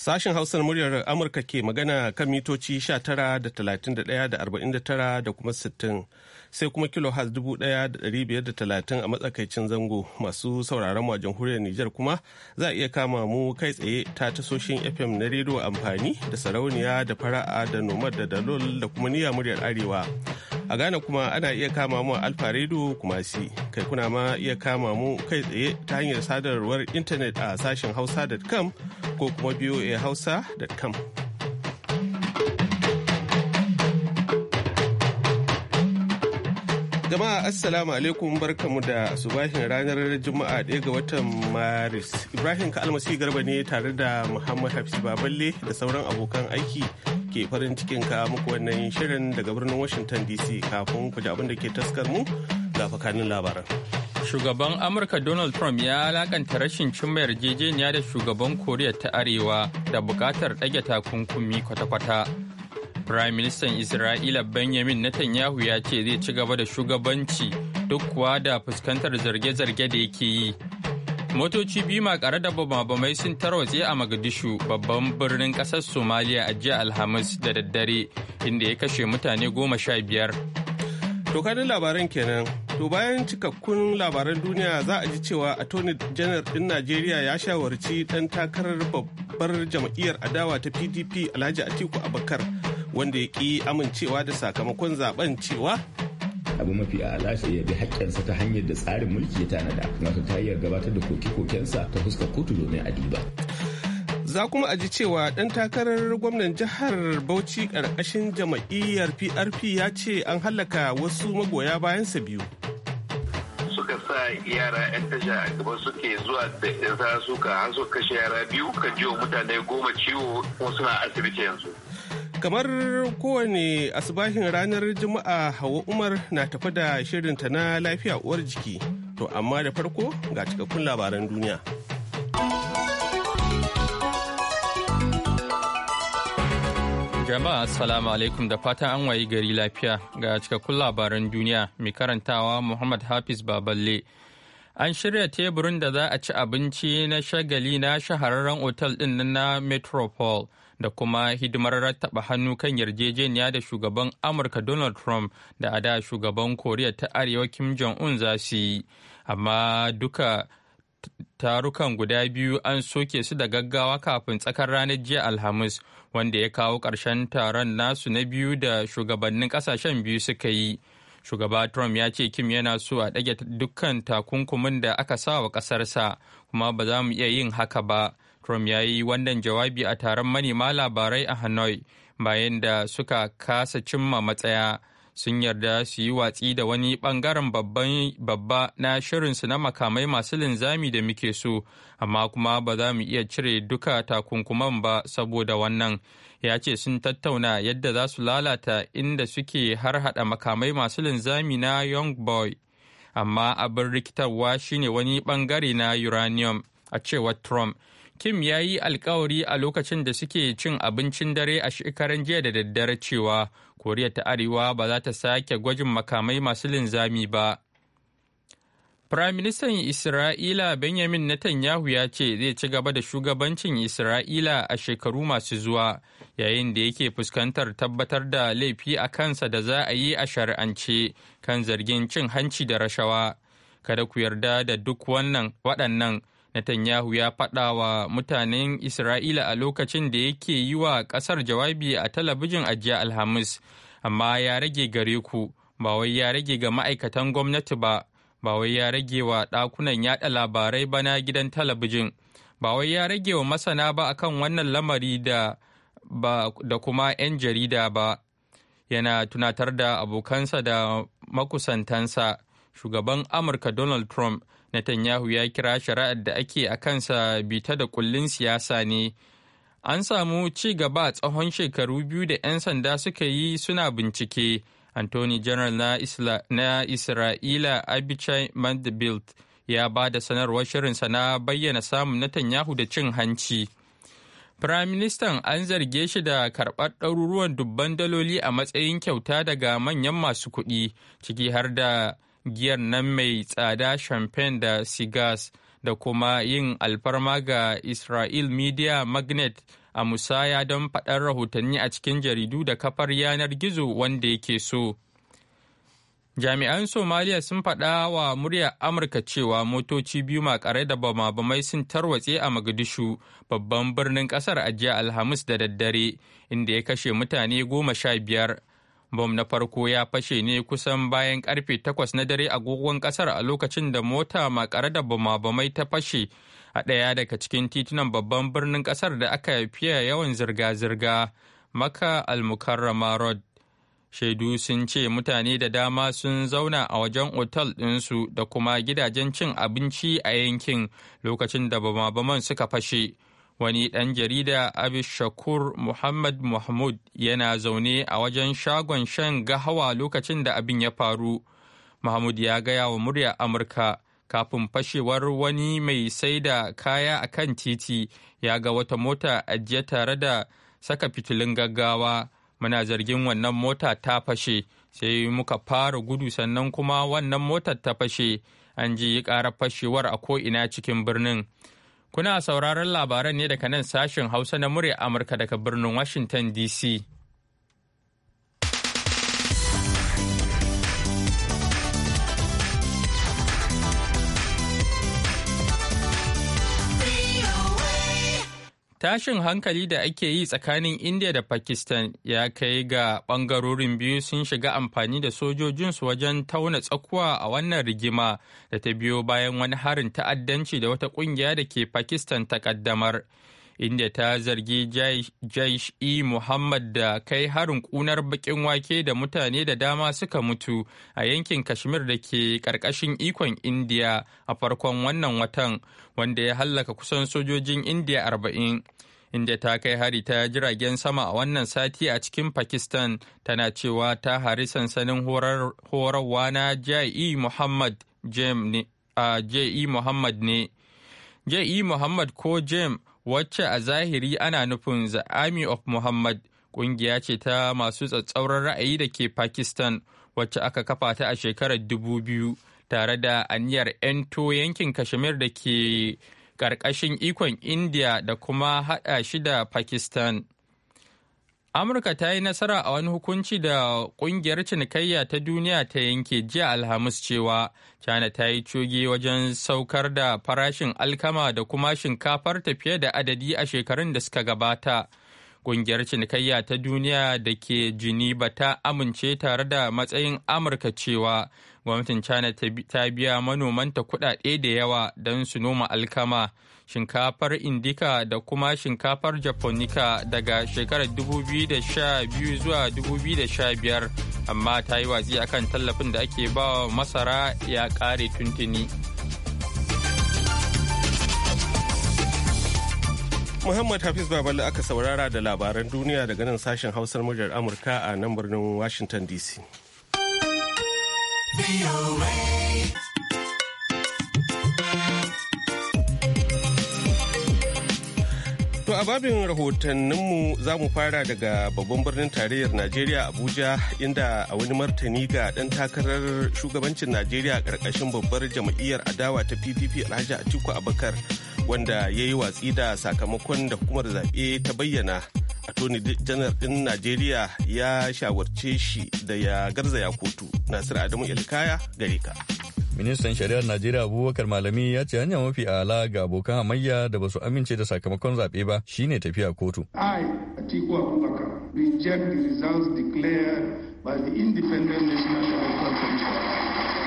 Sashen Hausar muryar Amurka ke magana kan mitoci 19 da 31 da 49 da kuma 60 sai kuma kilohaz 1530 a matsakaicin zango masu sauraron mu a jamhuriyar Nijar kuma za a iya kama mu kai tsaye ta tasoshin FM na rediyo amfani da sarauniya da fara'a da nomad da dalol da kuma niyya muryar Arewa. a Ghana kuma ana iya kama mu Alfa Radio Kumasi kai kuna ma iya kama mu kai tsaye ta hanyar sadarwar intanet a sashen hausa.com ko kuma voa hausa.com. jama'a assalamu alaikum barkamu da subahin ranar juma'a ɗaya ga watan maris ibrahim ka almasi garba ne tare da muhammad hafiz baballe da sauran abokan aiki ke farin cikin ka muku wannan shirin daga birnin Washington DC kafin ku ji abin da ke taskar mu ga fakanin labaran. Shugaban Amurka Donald Trump ya alakanta rashin cimma yarjejeniya da shugaban Koriya ta Arewa da bukatar ɗage takunkumi kwata-kwata. Prime Minister Isra'ila Benjamin Netanyahu ya ce zai ci gaba da shugabanci duk kuwa da fuskantar zarge-zarge da yake yi. motoci biyu makare da bamabamai sun tarwatse a magadishu babban birnin kasar somaliya a jiya alhamis da daddare inda ya kashe mutane goma sha biyar to kanin labaran kenan to bayan cikakkun labaran duniya za a ji cewa attorney janar din najeriya ya shawarci dan takarar babbar jam'iyyar adawa ta pdp alhaji atiku abakar wanda ya ki amincewa da sakamakon zaben cewa abu mafi ala shi ya bi haƙƙinsa ta hanyar da tsarin mulki ya tanada wato ta hanyar gabatar da koke-kokensa ta fuskar kotu domin a diba. za kuma aji cewa ɗan takarar gwamnan jihar bauchi ƙarƙashin jama'iyyar prp ya ce an hallaka wasu magoya bayansa biyu suka sa yara 'yan tasha a gaba suke zuwa da ɗansa suka har kashe yara biyu kan jiwa mutane goma ciwo kuma suna asibiti yanzu Kamar kowane asibahin ranar Juma'a Hauwa Umar na tafi da shirinta na lafiya uwar jiki. To amma da farko ga cikakkun labaran duniya. Jama'a Assalamu alaikum da fatan an wayi gari lafiya ga cikakkun labaran duniya mai karantawa Muhammad Hafiz Baballe. An shirya teburin da za a ci abinci na shagali na shahararren otal ɗin na Metropole. da kuma hidimar rattaba hannu kan yarjejeniya da shugaban amurka donald trump da a da shugaban koriya ta arewa kim jong-un za su yi amma duka tarukan guda biyu an soke su da gaggawa kafin tsakar ranar jiya alhamis wanda ya kawo ƙarshen taron nasu na biyu da shugabannin ƙasashen biyu suka yi shugaba trump ya ce kim yana so a ɗage dukkan takunkumin da aka sa wa ƙasarsa kuma ba za mu iya yin haka ba Trump ya yi wannan jawabi a taron manema labarai a Hanoi bayan da suka kasa cimma matsaya sun yarda su yi watsi da wani bangaren babba na shirinsu na makamai masu linzami da muke so amma kuma ba za mu iya cire duka takunkuman ba saboda wannan ya ce sun tattauna yadda za su lalata inda suke har hada makamai masu linzami na young boy amma abin rikitarwa shine wani bangare na uranium a cewar trump Kim ya yi alkawari a lokacin da suke cin abincin dare a shekaran jiya da daddare cewa Koriya ta Arewa ba za ta sake gwajin makamai masu linzami ba. Firaministan Isra'ila Benjamin Netanyahu ya ce zai ci gaba da shugabancin Isra'ila a shekaru masu zuwa yayin da yake fuskantar tabbatar da laifi a kansa da za a yi a shari'ance kan zargin cin hanci da rashawa. Kada ku yarda da duk wannan waɗannan Netanyahu ya faɗa wa mutanen Isra'ila a lokacin da yake yi wa ƙasar jawabi a talabijin a jiya Alhamis, amma ya rage gare ku, ba wai ya rage ga ma'aikatan gwamnati ba, ba wai ya rage wa ɗakunan yaɗa labarai bana gidan talabijin, ba wai ya rage wa masana ba akan wannan lamari da ba da kuma 'yan jarida ba. Yana tunatar da abokansa da makusantansa, shugaban Amurka Donald Trump Netanyahu ya kira shari'ar da ake a kansa bita da kullin siyasa ne. An samu ci gaba tsawon shekaru biyu da 'yan sanda suka yi suna bincike. Anthony General na, Isla, na Isra'ila Abichai Mandelblit ya ba da sanarwar shirinsa na bayyana samun Netanyahu da cin hanci. Firaministan an zarge shi da karɓar ɗaruruwan dubban daloli a matsayin kyauta daga manyan masu kuɗi, ciki har da giyar nan mai tsada champagne da cigars da kuma yin alfarma ga Israel Media Magnet a musaya don faɗar rahotanni a cikin jaridu da kafar yanar gizo wanda yake so. Jami'an Somaliya sun faɗa wa murya Amurka cewa motoci biyu makare da bama-bamai sun tarwatse a magadishu babban birnin ƙasar a jiya Alhamis da daddare, inda ya kashe mutane goma sha biyar bom na farko ya fashe ne kusan bayan karfe 8 na dare agogon kasar a lokacin da mota makare da bama-bamai ta fashe a ɗaya daga cikin titunan babban birnin kasar da aka fiye yawan zirga-zirga maka al-mukarrama road shaidu sun ce mutane da dama sun zauna a wajen otal ɗinsu da kuma gidajen cin abinci a yankin lokacin da bama-baman suka fashe. wani ɗan jarida shakur muhammad mahmud yana zaune a wajen shagon shan gahawa lokacin da abin ya faru mahmud ya gaya wa murya amurka kafin fashewar wani mai sai da kaya a kan titi ya ga wata mota ajiye tare da saka fitilun gaggawa muna zargin wannan mota ta fashe sai muka fara gudu sannan kuma wannan motar ta fashe an ji ƙarar fashewar a ko'ina cikin birnin Kuna sauraron labaran ne daga nan sashen Hausa na murya Amurka daga birnin Washington DC. Tashin hankali da ake yi tsakanin India da Pakistan ya kai ga ɓangarorin biyu sun shiga amfani da sojojinsu wajen tauna tsakuwa a wannan rigima da ta biyo bayan wani harin ta'addanci da wata ƙungiya da ke Pakistan ta ƙaddamar. inda ta zargi jaish e muhammad da kai harin kunar bakin wake da mutane da dama suka mutu a yankin kashmir da ke karkashin ikon indiya a farkon wannan watan wanda ya hallaka kusan sojojin indiya arba'in inda ta kai hari ta jiragen sama a wannan sati a cikin pakistan tana cewa ta hari sansanin horarwa na jai'i muhammad jem ne ja'i muhammad ne muhammad ko jem wacce a zahiri ana nufin The Army of Muhammad ƙungiya ce ta masu tsatsauran ra'ayi da ke Pakistan wacce aka kafa ta a shekarar 2000 tare da aniyar 'yanto yankin Kashmir da ke ƙarƙashin ikon India da kuma haɗa shi da Pakistan. Amurka ta yi nasara a wani hukunci da kungiyar cinikayya ta duniya ta yanke jiya Alhamis cewa China ta yi coge wajen saukar da farashin alkama da kuma shinkafar ta fiye da adadi a shekarun da suka gabata. Kungiyar cinikayya ta duniya da ke Geneva ta amince tare da matsayin Amurka cewa gwamnatin China ta biya manomanta kuɗaɗe da yawa don su noma alkama. shinkafar indika da kuma shinkafar japonica daga shekarar 2012 zuwa 2015 amma ta yi watsi akan tallafin da ake ba wa masara ya kare tuntuni. Muhammad Hafiz Babalu aka saurara da labaran duniya daga nan sashen hausar muryar Amurka a nan birnin Washington DC. a babin rahotanninmu za mu fara daga babban birnin tarayyar Najeriya Abuja inda a wani martani ga ɗan takarar shugabancin Najeriya ƙarƙashin babbar jam'iyyar adawa ta PPP Alhaji Atiku Abakar wanda ya yi watsi da sakamakon da hukumar zaɓe ta bayyana. Attorney janar ɗin Najeriya ya shawarce shi da ya garzaya kotu. Nasiru Adamu Ilkaya gare ka. Ministan Shari'ar Najeriya Abubakar Malami ya ce hanya mafi ala ga abokan hamayya da basu amince da sakamakon zaɓe ba shine tafiya kotu. I, Atiku Abubakar, reject the results declared by the Independent National Electoral Commission.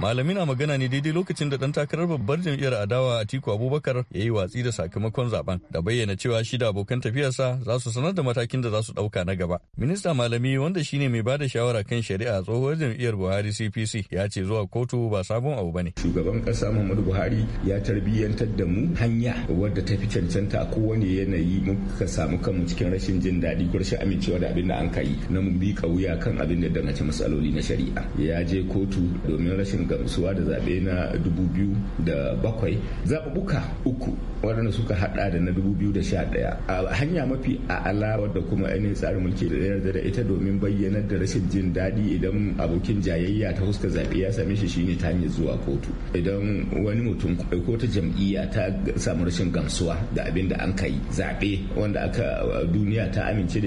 Malami na magana ne daidai lokacin da ɗan takarar babbar jam'iyyar adawa a tiku Abubakar ya yi watsi da sakamakon zaben da bayyana cewa shi da abokan tafiyarsa za su sanar da matakin da za su ɗauka na gaba. Minista Malami wanda shine mai bada shawara kan shari'a tsohuwar jam'iyyar Buhari CPC ya ce zuwa kotu ba sabon abu bane. Shugaban kasa Muhammadu Buhari ya tarbiyyantar da mu hanya wadda ta fi cancanta a kowane yanayi muka samu kanmu cikin rashin jin daɗi ko rashin amincewa da abin da an kai na mu bi wuya kan abin da dangace matsaloli na shari'a. Ya je kotu domin rashin gamsuwa da zaɓe na 2007 zaɓuɓɓuka uku waɗanda suka haɗa da na 2011 a hanya mafi a alawa da kuma ainihin tsarin mulki da yarda da ita domin bayyanar da rashin jin daɗi idan abokin jayayya ta huska zaɓe ya same shi shine ta hanyar zuwa kotu idan wani mutum ko ta jam'iyya ta samu rashin gamsuwa da abin da an kai zaɓe wanda aka duniya ta amince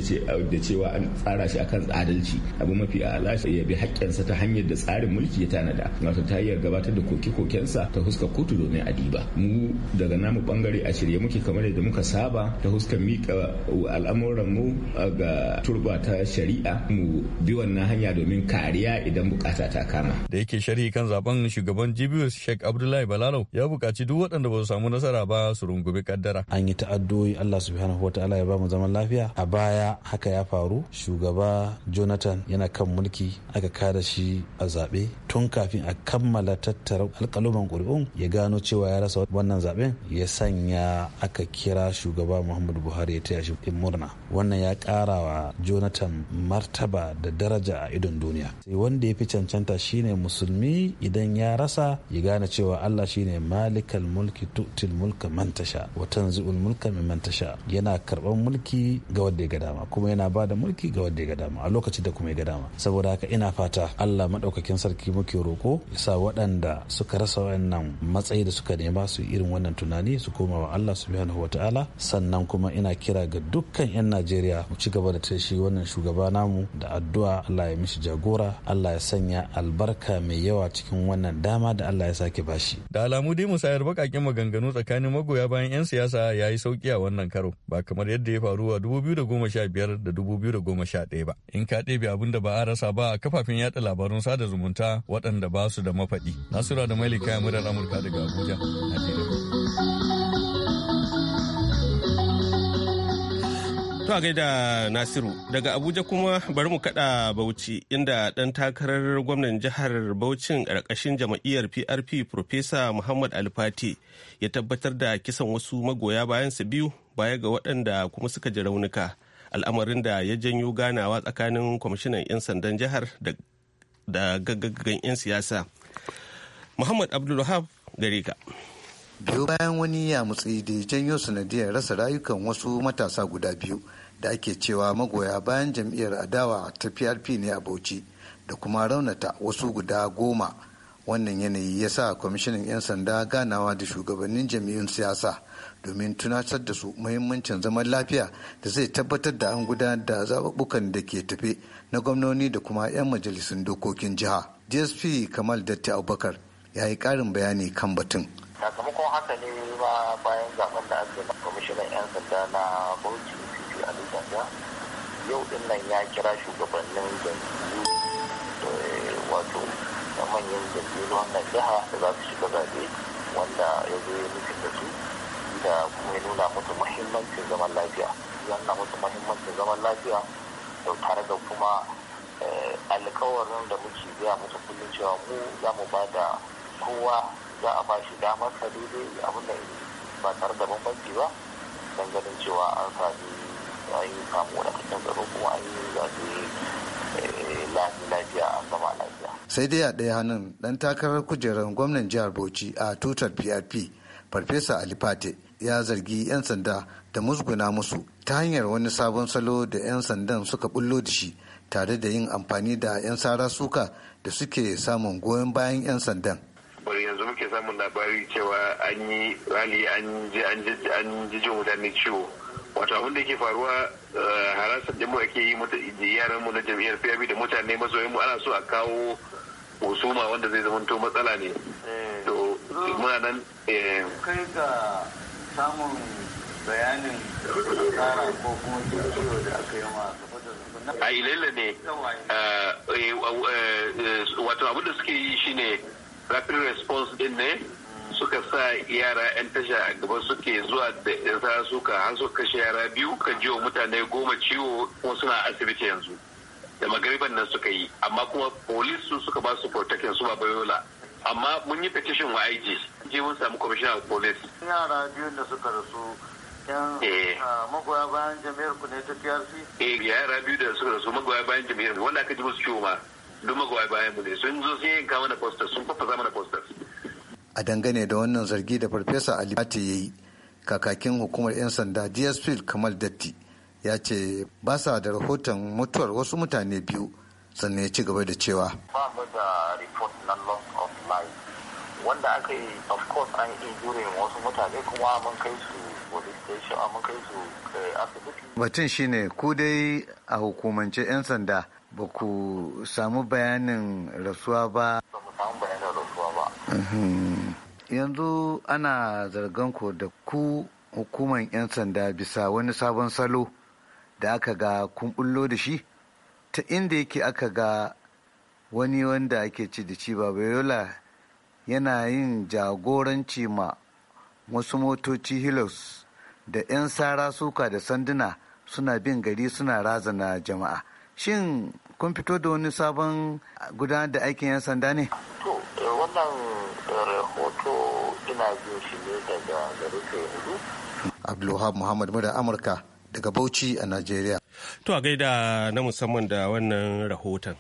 da cewa an tsara shi akan adalci abu mafi a alashi ya bi haƙƙinsa ta hanyar da tsarin mulki ya tanada kamata ta iya gabatar da koke-kokensa ta huska kotu domin a diba mu daga namu bangare a shirye muke kamar yadda muka saba ta huska mika al'amuran mu ga turba ta shari'a mu bi wannan hanya domin kariya idan bukata ta kama da yake sharhi kan zaben shugaban GBS Sheikh Abdullahi Balalo ya bukaci duk waɗanda ba su samu nasara ba su rungumi kaddara an yi ta'addoyi Allah subhanahu wataala ya ba mu zaman lafiya a baya haka ya faru shugaba Jonathan yana kan mulki aka kada shi a zaɓe tun kafin a kammala tattara alkaluman ƙuri'un ya gano cewa ya rasa wannan zaben ya sanya aka kira shugaba muhammadu buhari ya taya shi in murna wannan ya ƙara wa jonathan martaba da daraja a idon duniya sai eh, wanda ya fi cancanta shine musulmi idan ya rasa ya gane cewa allah shine malikal mulki tu'til mulka man tasha wa tanzi'ul mulka mimman tasha yana karban mulki ga wanda ya ga dama kuma yana ba da mulki ga wanda ya ga dama a lokacin da kuma ya ga dama saboda haka ina fata allah maɗaukakin sarki muke roko sa waɗanda suka rasa wannan matsayi da suka nema su irin wannan tunani su koma wa Allah subhanahu wa sannan kuma ina kira ga dukkan 'yan Najeriya mu ci gaba da shi wannan shugaba namu da addu'a Allah ya mishi jagora Allah ya sanya albarka mai yawa cikin wannan dama da Allah ya sake bashi. Da alamu dai musayar bakakin maganganu tsakanin magoya bayan 'yan siyasa ya yi sauki a wannan karo ba kamar yadda ya faru a 2015 da 2011 ba. In ka ɗebe abin da ba a rasa ba a kafafen yada labarun sada zumunta waɗanda ba su da mafaɗi. Nasura da kayan murar Amurka daga Abuja, To a gaida Nasiru daga Abuja kuma bari mu kaɗa Bauchi inda ɗan takarar gwamnan jihar Bauchin ƙarƙashin jam'iyyar PRP Profesa Muhammad Alfati ya tabbatar da kisan wasu magoya bayansa biyu baya ga waɗanda kuma suka ji raunuka. al'amarin da ya janyo ganawa tsakanin kwamishinan 'yan sandan jihar da da gaggaggan 'yan siyasa muhammad abdulwahab gare ka Biyo bayan wani ya mutsi da ya janyo sanadiyar rasa rayukan wasu matasa guda biyu da ake cewa magoya bayan jam'iyyar adawa ta prp ne a bauchi da kuma raunata wasu guda goma wannan yanayi ya sa kwamishinan 'yan sanda ganawa da shugabannin jam'iyyun siyasa domin tunatar da su muhimmancin zaman lafiya da zai tabbatar da an gudanar da zaɓuɓɓukan da ke tafe na gwamnoni da kuma 'yan majalisun dokokin jiha. DSP Kamal Datti Abubakar ya yi ƙarin bayani kan batun. Sakamakon haka ne ba bayan zaben da ake yi kwamishinan 'yan sanda na Bauchi Fifi Ali Sanda yau din nan ya kira shugabannin da eh, wato manyan jam'iyyu wannan jiha da za su shiga zaɓe wanda ya zo ya nufin da su da kuma ya nuna mutu muhimmancin zaman lafiya ya nuna musu zaman lafiya da tare da kuma eh, alkawarin da muke biya musu kullum cewa mu za mu ba da kowa za a ba shi damar sa daidai abin da ba tare da bambanci ba don ganin cewa an sami an samu da wadataccen tsaro kuma an yi zafi eh, lafiya a gama lafiya. sai dai a ɗaya hannun ɗan takarar kujerar gwamnan jihar bauchi a tutar prp farfesa alifate ya zargi 'yan sanda da musguna musu ta hanyar wani sabon salo da 'yan sandan suka bullo da shi tare da yin amfani da 'yan sara suka da suke samun goyon bayan 'yan sandan. bari yanzu muke samun labari cewa an yi rali an ji an ji jin mutane wato abin da ke faruwa eh, harasar da ake yi yaran mu na jam'iyyar PIB da mutane masoyanmu mu ana so a kawo husuma wanda zai zama matsala ne eh. to muna nan eh. samun bayanin tsara ko kuma ciwo da aka yi ma a ilalla ne eh, eh, eh, wato abin da suke yi shine rapid response din ne suka sa yara 'yan tasha a gaba suke zuwa da yasa suka har kashe yara biyu kan jiwo mutane goma ciwo kuma suna asibiti yanzu da magariban nan suka yi amma kuma polis su suka ba su protection su ba bayola amma mun yi petition wa IG je mun samu commissioner of police yara biyu da suka rasu eh. ah, magoya bayan jami'ar ku ne ta TRC eh yara biyu da suka rasu magoya bayan jami'ar wanda aka ji musu ciwo ma duk magoya bayan mu ne sun zo sun yi yanka mana posters sun fafaza mana posters a dangane da wannan zargi da farfesa Ali ya yi kakakin hukumar 'yan sanda dsp kamal datti ya ce ba sa da rahoton mutuwar wasu mutane biyu sannan ya ci gaba da cewa ba mu da report na loss of life wanda aka yi of course an injuring wasu mutane kuma mun kai su police station mun kai su eh, asibiti batun shine ku dai a hukumance 'yan sanda ba ku samu bayanin rasuwa ba samu bayanin rasuwa ba yanzu ana zargan ku da ku hukuman 'yan sanda bisa wani sabon salo da aka ga kun bullo da shi ta inda yake aka ga wani wanda ake ci da ci babayola yana yin jagoranci ma wasu motoci hilos da 'yan sara suka da sanduna suna bin gari suna razana jama'a shin kun fito da wani sabon gudanar da aikin 'yan sanda ne to eh, wannan eh, rahoto ina shi daga garin muhammad mura amurka daga Bauchi a Najeriya. To a gaida na musamman da wannan rahoton.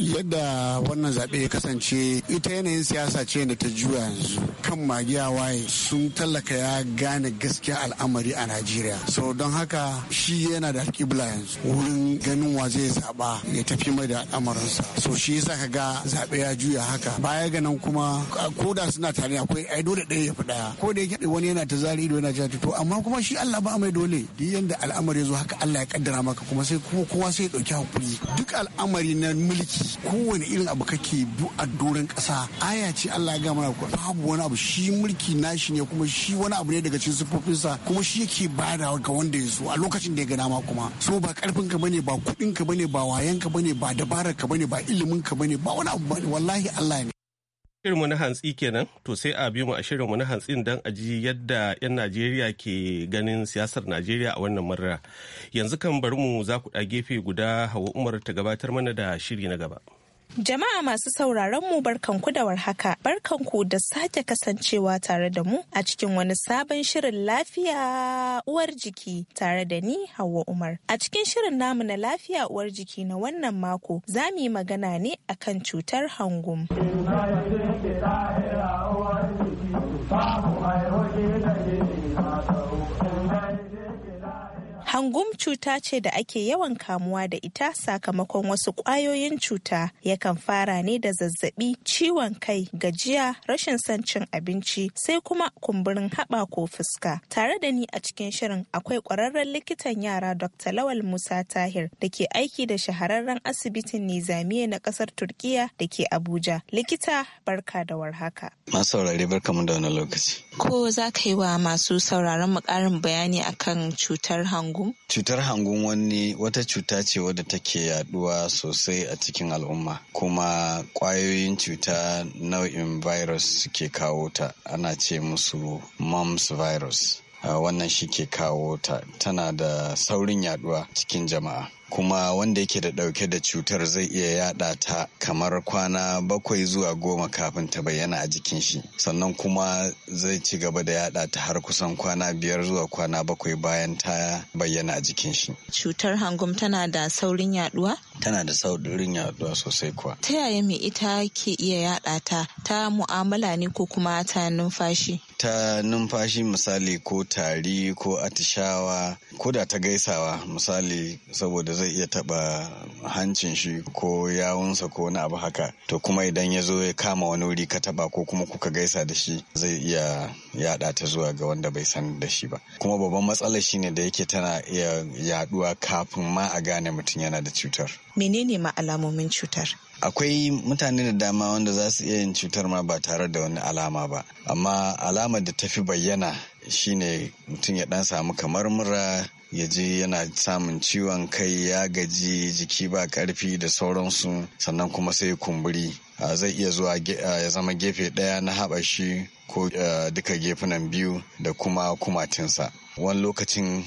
yadda wannan zaɓe ya kasance ita yanayin siyasa ce da ta juya yanzu kan magiya waye sun tallaka ya gane gaskiya al'amari a najeriya so don haka shi yana da alƙibla yanzu wurin ganin wa zai saba ya tafi mai da al'amarinsa so shi yasa ka ga zaɓe ya juya haka baya ga nan kuma ko da suna tare akwai ai dole ɗaya ya fi ɗaya ko da yake wani yana ta zari ido yana cewa to amma kuma shi Allah ba mai dole duk yanda al'amari ya zo haka Allah ya kaddara maka kuma sai kuma kowa sai ya ɗauki hakuri duk al'amari na mulki kowane irin abu kake bu a doron ƙasa aya ce Allah ya gama ku babu wani abu shi mulki nashi ne kuma shi wani abu ne daga cikin siffofinsa kuma shi yake bada ga wanda ya so a lokacin da ya gana ma kuma so ba karfin ka bane ba kudin ka bane ba wayan ka bane ba dabarar ka bane ba ilimin ka bane ba wani abu bane wallahi Allah ne shirin na hantsi kenan to sai a bi mu a shirinmu na hantsin don a ji yadda 'yan Najeriya ke ganin siyasar Najeriya a wannan marar. Yanzu kan bari mu za ku ɗa gefe guda Hawa Umar ta gabatar mana da shiri na gaba. Jama'a masu sauraron mu barkanku da warhaka, barkanku da sake kasancewa tare da mu a cikin wani sabon shirin lafiya uwar jiki tare da ni Hauwa Umar. A cikin shirin namu na lafiya uwar jiki na wannan mako za mu yi magana ne akan cutar hangum. hangum cuta ce da ake yawan kamuwa da ita sakamakon wasu ƙwayoyin cuta yakan fara ne da zazzabi ciwon kai gajiya rashin son cin abinci sai kuma kumburin haɓa ko fuska tare da ni a cikin shirin akwai ƙwararren likitan yara dr lawal musa tahir da ke aiki da shahararren asibitin nizamiya na ƙasar turkiya da ke abuja likita barka da warhaka masu saurare barka mu da wani lokaci ko za ka yi wa masu sauraron mu ƙarin bayani akan cutar hangum Cutar hangun wani wata cuta ce wadda take yaduwa sosai a cikin al'umma kuma kwayoyin cuta nau'in virus suke kawo ta ana ce musu mumps virus. Ah, wannan shi ke kawo ta tana da saurin yaduwa cikin jama'a kuma wanda yake da dauke da cutar zai iya yada ta kamar kwana bakwai zuwa goma kafin ta bayyana a jikin shi sannan kuma zai ci gaba da yada ta har kusan kwana biyar zuwa kwana bakwai bayan ta bayyana a jikin shi cutar hangum tana da saurin yaduwa tana da saurin yaduwa sosai kuwa ta yaya mai ita ke iya yada ta ta mu'amala ne ko kuma ta numfashi ta numfashi misali ko tari ko atishawa ko da ta gaisawa misali saboda zai iya taba hancin shi ko yawunsa ko wani abu haka to kuma idan ya zo ya kama wani wuri ka taba ko kuma kuka gaisa da shi zai iya yada ta zuwa ga wanda bai san da shi ba kuma babban matsalar shine da yake tana iya yaduwa kafin ma a gane mutum yana da cutar menene ma alamomin cutar akwai mutane da dama wanda za su iya yin cutar ma ba tare da wani alama ba amma alamar da tafi bayyana shine mutum ya dan samu kamar mura ya je yana samun ciwon kai ya gaji jiki ba karfi da sauransu sannan kuma sai kumburi zai iya zuwa ya zama gefe ɗaya na haɓashi ko duka gefunan biyu da kuma kumatinsa wani lokacin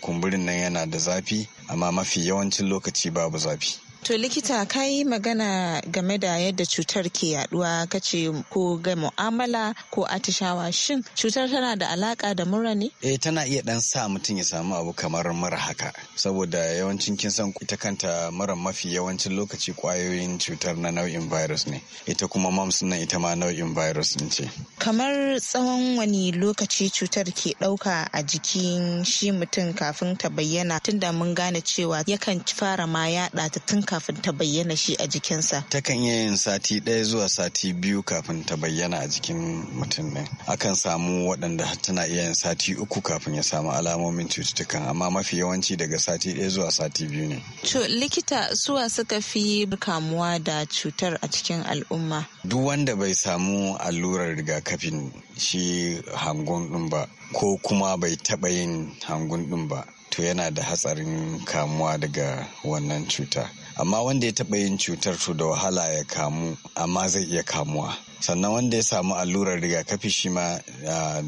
kumburin nan yana da zafi amma mafi yawancin lokaci babu zafi To likita ka yi magana game da yadda cutar ke yaduwa kace ko ga mu'amala ko atishawa shin cutar tana da alaka da mura ne? Eh tana iya dan sa mutum ya samu abu kamar mura haka saboda yawancin kin san ita kanta mura mafi yawancin lokaci kwayoyin cutar na nau'in virus ne ita kuma mams nan ita ma nau'in virus din ce. Kamar tsawon wani lokaci cutar ke dauka a jikin shi mutum kafin ta bayyana tunda mun gane cewa yakan fara ma yada ta tun kafin ta bayyana shi a jikinsa takan iya yin sati ɗaya zuwa sati biyu kafin ta bayyana a jikin mutum ne. akan samu waɗanda tana iya yin sati uku kafin ya samu alamomin cututtukan amma mafi yawanci daga sati ɗaya zuwa sati biyu ne to likita suwa suka fi kamuwa da cutar a cikin al'umma duk wanda bai samu allurar rigakafin shi hangun ɗin ba ko kuma bai taɓa yin hangun ɗin ba to yana da hatsarin kamuwa daga wannan cuta amma wanda ya taɓa yin cutar to da wahala ya kamu amma zai iya kamuwa sannan wanda ya samu allurar rigakafi shi ma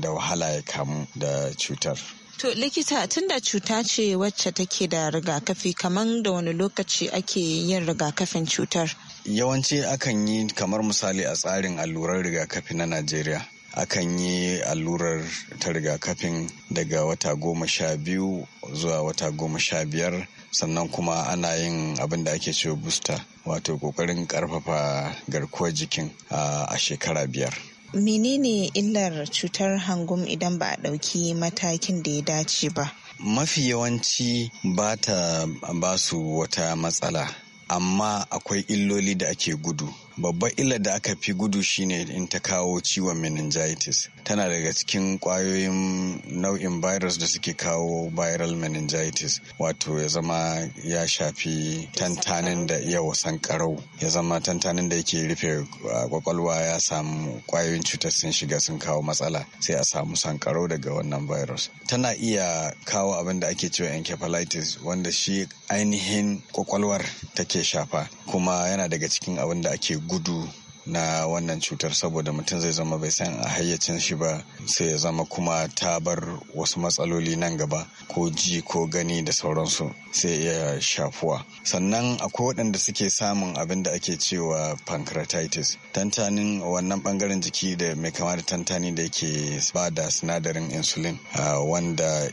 da wahala ya kamu da cutar To likita tunda cuta ce wacce take da rigakafi kamar da wani lokaci ake yin rigakafin cutar? Yawanci akan yi kamar misali a tsarin allurar rigakafi na Najeriya. akan yi allurar ta rigakafin daga wata goma sha biyu zuwa wata goma sha biyar sannan kuma ana yin abin da ake cewa booster wato kokarin karfafa garkuwar jikin a shekara biyar menene illar cutar hangum idan ba a ɗauki matakin da ya dace ba mafi yawanci ba ta ba su wata matsala amma akwai illoli da ake gudu babban illar da aka fi gudu shine in ta kawo ciwon meningitis tana daga cikin kwayoyin nau'in virus da suke kawo viral meningitis wato ya zama ya shafi tantanin da wasan sankarau ya zama tantanin da yake rufe kwakwalwa uh, ya samu kwayoyin cutar sun shiga sun kawo matsala sai a samu sankarau daga wannan virus tana iya kawo abin da ake cewa encephalitis wanda shi ainihin kwakwalwar take shafa kuma yana daga cikin abin da ake gudu na wannan cutar saboda mutum zai zama bai san a hayyacin shi ba sai ya zama kuma ta bar wasu matsaloli nan gaba ko ji ko gani da sauransu sai ya shafuwa sannan akwai waɗanda suke samun abin da ake cewa pancreatitis tantanin wannan bangaren jiki da mai kama da tantani da yake ba da sinadarin insulin wanda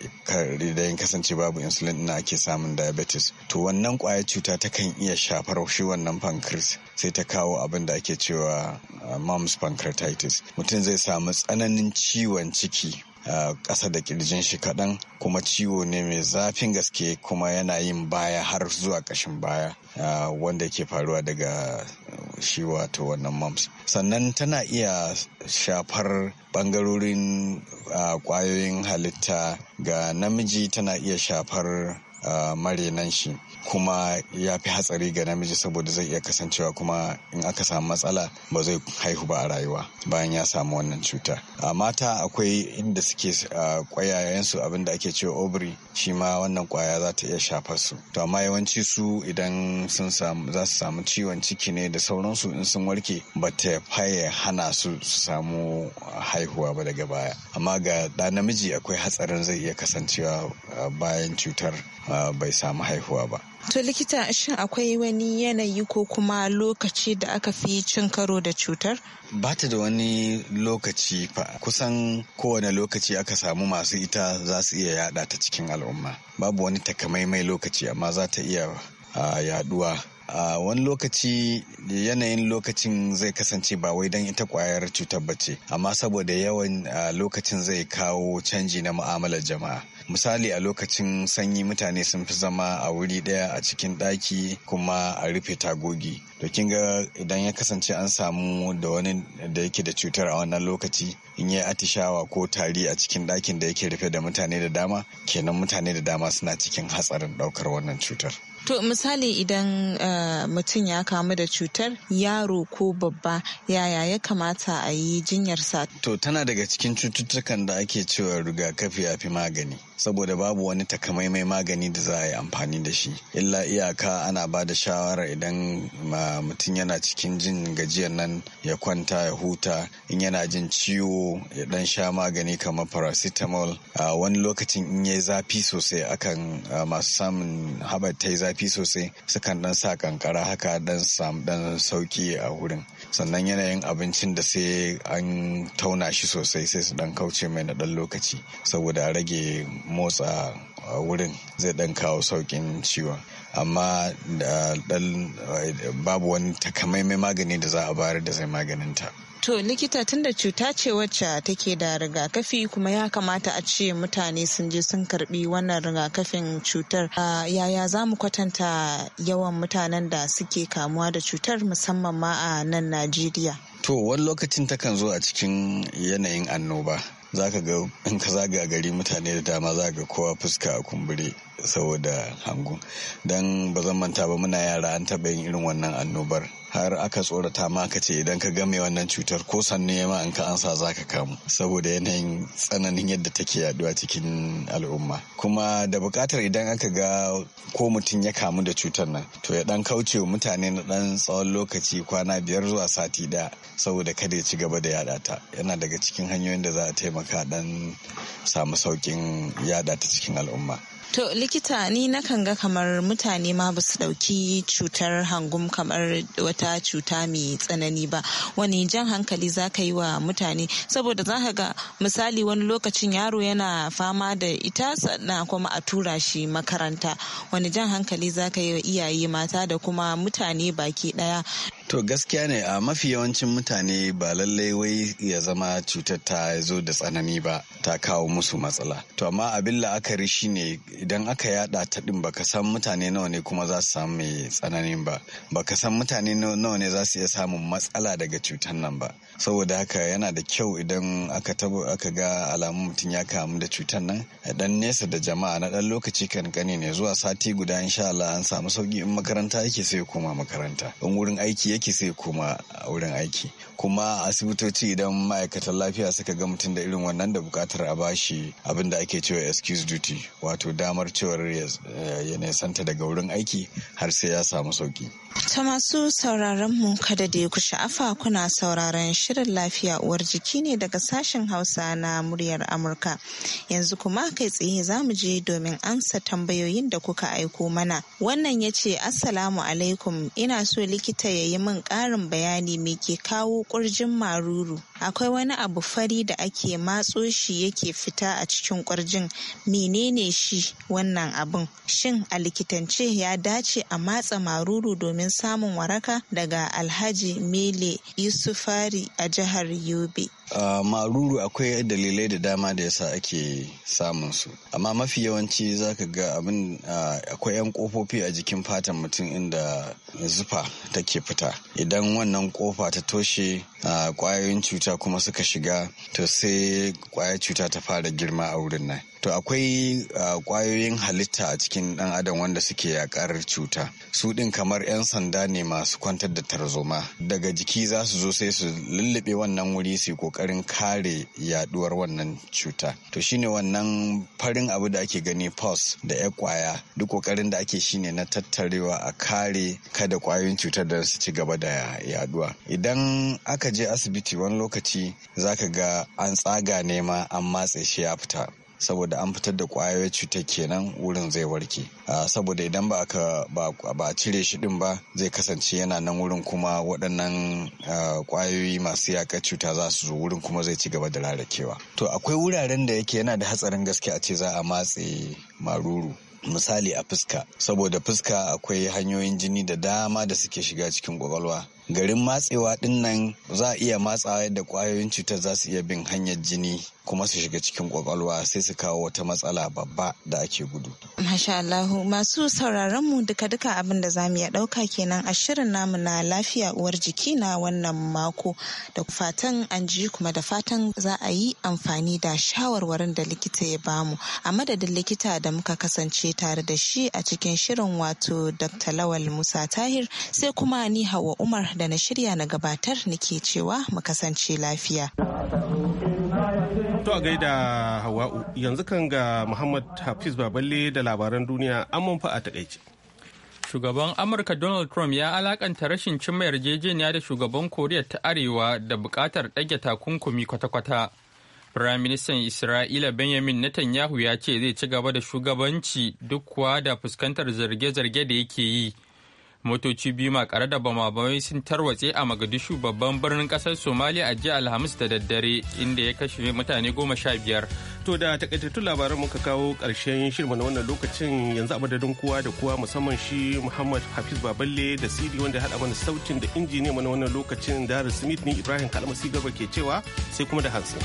idan kasance babu insulin na ake samun diabetes to wannan kwayar cuta takan iya shafar shi wannan pancreas sai ta kawo abin da ake cewa cewa uh, mom's pancreatitis mutum zai samu tsananin ciwon ciki a uh, ƙasa da kirjin shi kaɗan kuma ciwo ne mai zafin gaske kuma yana yin baya har zuwa ƙashin baya uh, wanda ke faruwa daga shi wato wannan mumps sannan tana iya shafar ɓangarorin ƙwayoyin halitta ga namiji tana iya shafar marinan marenan shi kuma ya fi hatsari ga namiji saboda zai iya kasancewa kuma in aka samu matsala ba zai haihu ba a rayuwa bayan ya samu wannan cuta a mata akwai inda suke kwayayensu abin da ake cewa obri shi ma wannan kwaya za ta iya shafar su to amma yawanci su idan sun samu za su samu ciwon ciki ne da sauransu in sun warke ba ta faye hana su su samu haihuwa ba daga baya amma ga da namiji akwai hatsarin zai iya kasancewa bayan cutar bai samu haihuwa ba To likita shin akwai wani yanayi ko kuma lokaci da aka fi cin karo da cutar? Ba ta da wani lokaci fa kusan kowane lokaci aka samu masu ita za su iya yada ta cikin al'umma. Babu wani takamaimai lokaci amma za ta iya yaduwa a wani lokaci yanayin lokacin zai kasance ba wai don ita kwayar cutar ba ce amma saboda yawan uh, lokacin zai kawo canji na mu'amalar jama'a misali a lokacin sanyi mutane sun fi zama a wuri daya a cikin daki kuma a rufe tagogi to kin ga idan ya kasance an samu da wani da yake da cutar a wannan lokaci in yi atishawa ko tari a cikin dakin da yake rufe da mutane da dama kenan mutane da dama suna cikin hatsarin ɗaukar wannan cutar. To misali idan eh, mutum ya kamu da cutar yaro ko babba yaya ya kamata a yi jinyarsa? To tana daga cikin cututtukan da ake cewa rigakafi ya fi magani. Saboda babu wani takamaimai magani da za a yi amfani da shi. Illa iyaka ana ba da shawara idan mutum yana cikin jin gajiyar nan ya kwanta ya huta in yana jin ciwo ya dan sha magani kamar paracetamol a wani lokacin in yayi zafi sosai akan masu samun habar ta zafi sosai sukan dan sa kankara haka dan samu dan sauki a wurin sannan yanayin abincin da sai an tauna shi sosai sai su dan kauce mai na dan lokaci saboda rage motsa a wurin zai dan kawo saukin ciwon amma da babu wani takamaiman magani da za a bayar da zai maganin ta. To likita tunda cuta ce wacce take da rigakafi kuma ya kamata a ce mutane sun je sun karbi wannan rigakafin cutar. Yaya za mu kwatanta yawan mutanen da suke kamuwa da cutar musamman ma a nan Najeriya? To wani lokacin ta kan zo a cikin yanayin annoba. Za ka ga in ka zaga gari mutane da dama za ga kowa fuska a kumbure. saboda hangu don ba zan manta ba muna yara an taɓa yin irin wannan annobar har aka tsorata ma ka ce idan ka game wannan cutar ko sannu ya ma in ka ansa za ka kamu saboda yanayin tsananin yadda take yaduwa cikin al'umma kuma da bukatar idan aka ga ko mutum ya kamu da cutar nan to ya dan kauce wa mutane na dan tsawon lokaci kwana biyar zuwa sati ɗaya saboda kada ya ci gaba da yada ta yana daga cikin hanyoyin da za a taimaka dan samu saukin yada ta cikin al'umma To likita ni nakan ga kamar mutane ma ba su ɗauki cutar hangum kamar wata cuta mai tsanani ba wani jan hankali za ka yi wa mutane saboda za ka ga misali wani lokacin yaro yana fama da ita sannan kuma a tura shi makaranta wani jan hankali za ka yi wa iyaye mata da kuma mutane baki ɗaya To gaskiya ne a mafi yawancin mutane ba lallai wai ya zama cutar ta zo da tsanani ba ta kawo musu matsala. To amma abin la'akari shi ne idan aka yada ta din ka san mutane nawa ne kuma za su samu mai tsanani ba. ba ka san mutane nawa ne za su iya samun matsala daga cutar nan ba. Saboda haka yana da kyau idan aka tabo aka ga alamun mutum ya kamu da cutar nan a dan nesa da jama'a na dan lokaci kankani ne zuwa sati guda insha Allah an samu sauki in makaranta yake sai ya koma makaranta. In wurin aiki aiki sai koma wurin aiki kuma asibitoci idan ma'aikatan lafiya suka ga mutum da irin wannan da bukatar a bashi abin da ake cewa excuse duty wato damar cewar ya eh, nisanta daga wurin aiki har sai ya samu sauki ta masu sauraron mu kada da ku sha'afa kuna sauraron shirin lafiya uwar jiki ne daga sashen hausa na muryar amurka yanzu kuma kai tsaye za mu je domin amsa tambayoyin da kuka aiko mana wannan ya ce assalamu alaikum ina so likita ya yi min ƙarin bayani me ke kawo ƙurjin maruru? Akwai wani abu fari da ake matso shi yake fita a cikin ƙurjin menene shi wannan abun? Shin a likitance ya dace a matsa maruru domin samun waraka daga Alhaji Mele Yusufari a jihar Yobe. Uh, maruru akwai dalilai da dama da yasa ake samun su amma mafi yawanci zaka ga abin akwai 'yan kofofi a jikin fatan mutum inda zufa take fita idan wannan kofa ta toshe kwayoyin cuta kuma suka shiga to sai kwayar cuta ta fara girma a wurin nan to akwai kwayoyin halitta a cikin dan adam wanda suke yakar cuta su din kamar 'yan sanda ne masu kwantar da tarzoma daga jiki za su zo sai su lullube wannan wuri su kokarin kare yaduwar wannan cuta to shine wannan farin abu da ake gani pus da ya kwaya duk kokarin da ake shine na tattarewa a kare kada kwayoyin cutar da su ci gaba da yaduwa idan aka je asibiti wani lokaci zaka ga an tsaga nema an matse shi ya fita saboda an fitar da kwayoyin cuta kenan wurin zai warke ah, saboda idan ba a ba cire shi din ba zai kasance yana nan wurin kuma waɗannan kwayoyi ah, masu yaƙa cuta za su zo wurin kuma zai ci gaba da rarakewa to akwai wuraren da yake yana da hatsarin gaske a ce za a matse maruru misali a fuska saboda fuska akwai hanyoyin jini da dama da suke shiga cikin kwakwalwa garin matsewa dinnan za a iya matsawa yadda kwayoyin cutar za su iya bin hanyar jini kuma su shiga cikin kwakwalwa sai su kawo wata matsala babba da ake gudu. Masha Allahu masu sauraron mu duka duka abin da mu iya ɗauka kenan a shirin namu na lafiya uwar jiki na wannan mako da fatan an ji kuma da fatan za a yi amfani da shawarwarin da likita ya bamu a madadin likita da muka kasance tare da shi a cikin shirin wato Dr. Lawal Musa Tahir sai kuma ni Hawa Umar da na shirya na gabatar nake cewa mu kasance lafiya. To a gaida Hawa'u yanzu kan ga Muhammad Hafiz Baballe da labaran duniya an fa a takaice. Shugaban Amurka Donald Trump ya alakanta rashin cimma yarjejeniya da shugaban Koriya ta Arewa da bukatar ɗage takunkumi kwata-kwata. Firaministan Isra'ila Benjamin Netanyahu ya ce zai ci gaba da shugabanci duk kuwa da fuskantar zarge-zarge da yake yi. motoci biyu makare da bamabamai sun tarwatse a magadishu babban birnin kasar somaliya a jiya alhamis da daddare inda ya kashe mutane goma sha biyar to da takaitattun labaran muka kawo karshen shirma na wannan lokacin yanzu a madadin kowa da kowa musamman shi muhammad hafiz baballe da sidi wanda ya haɗa mana sautin da injiniya mana wannan lokacin harin smith ne ibrahim kalmasi gaba ke cewa sai kuma da hansu.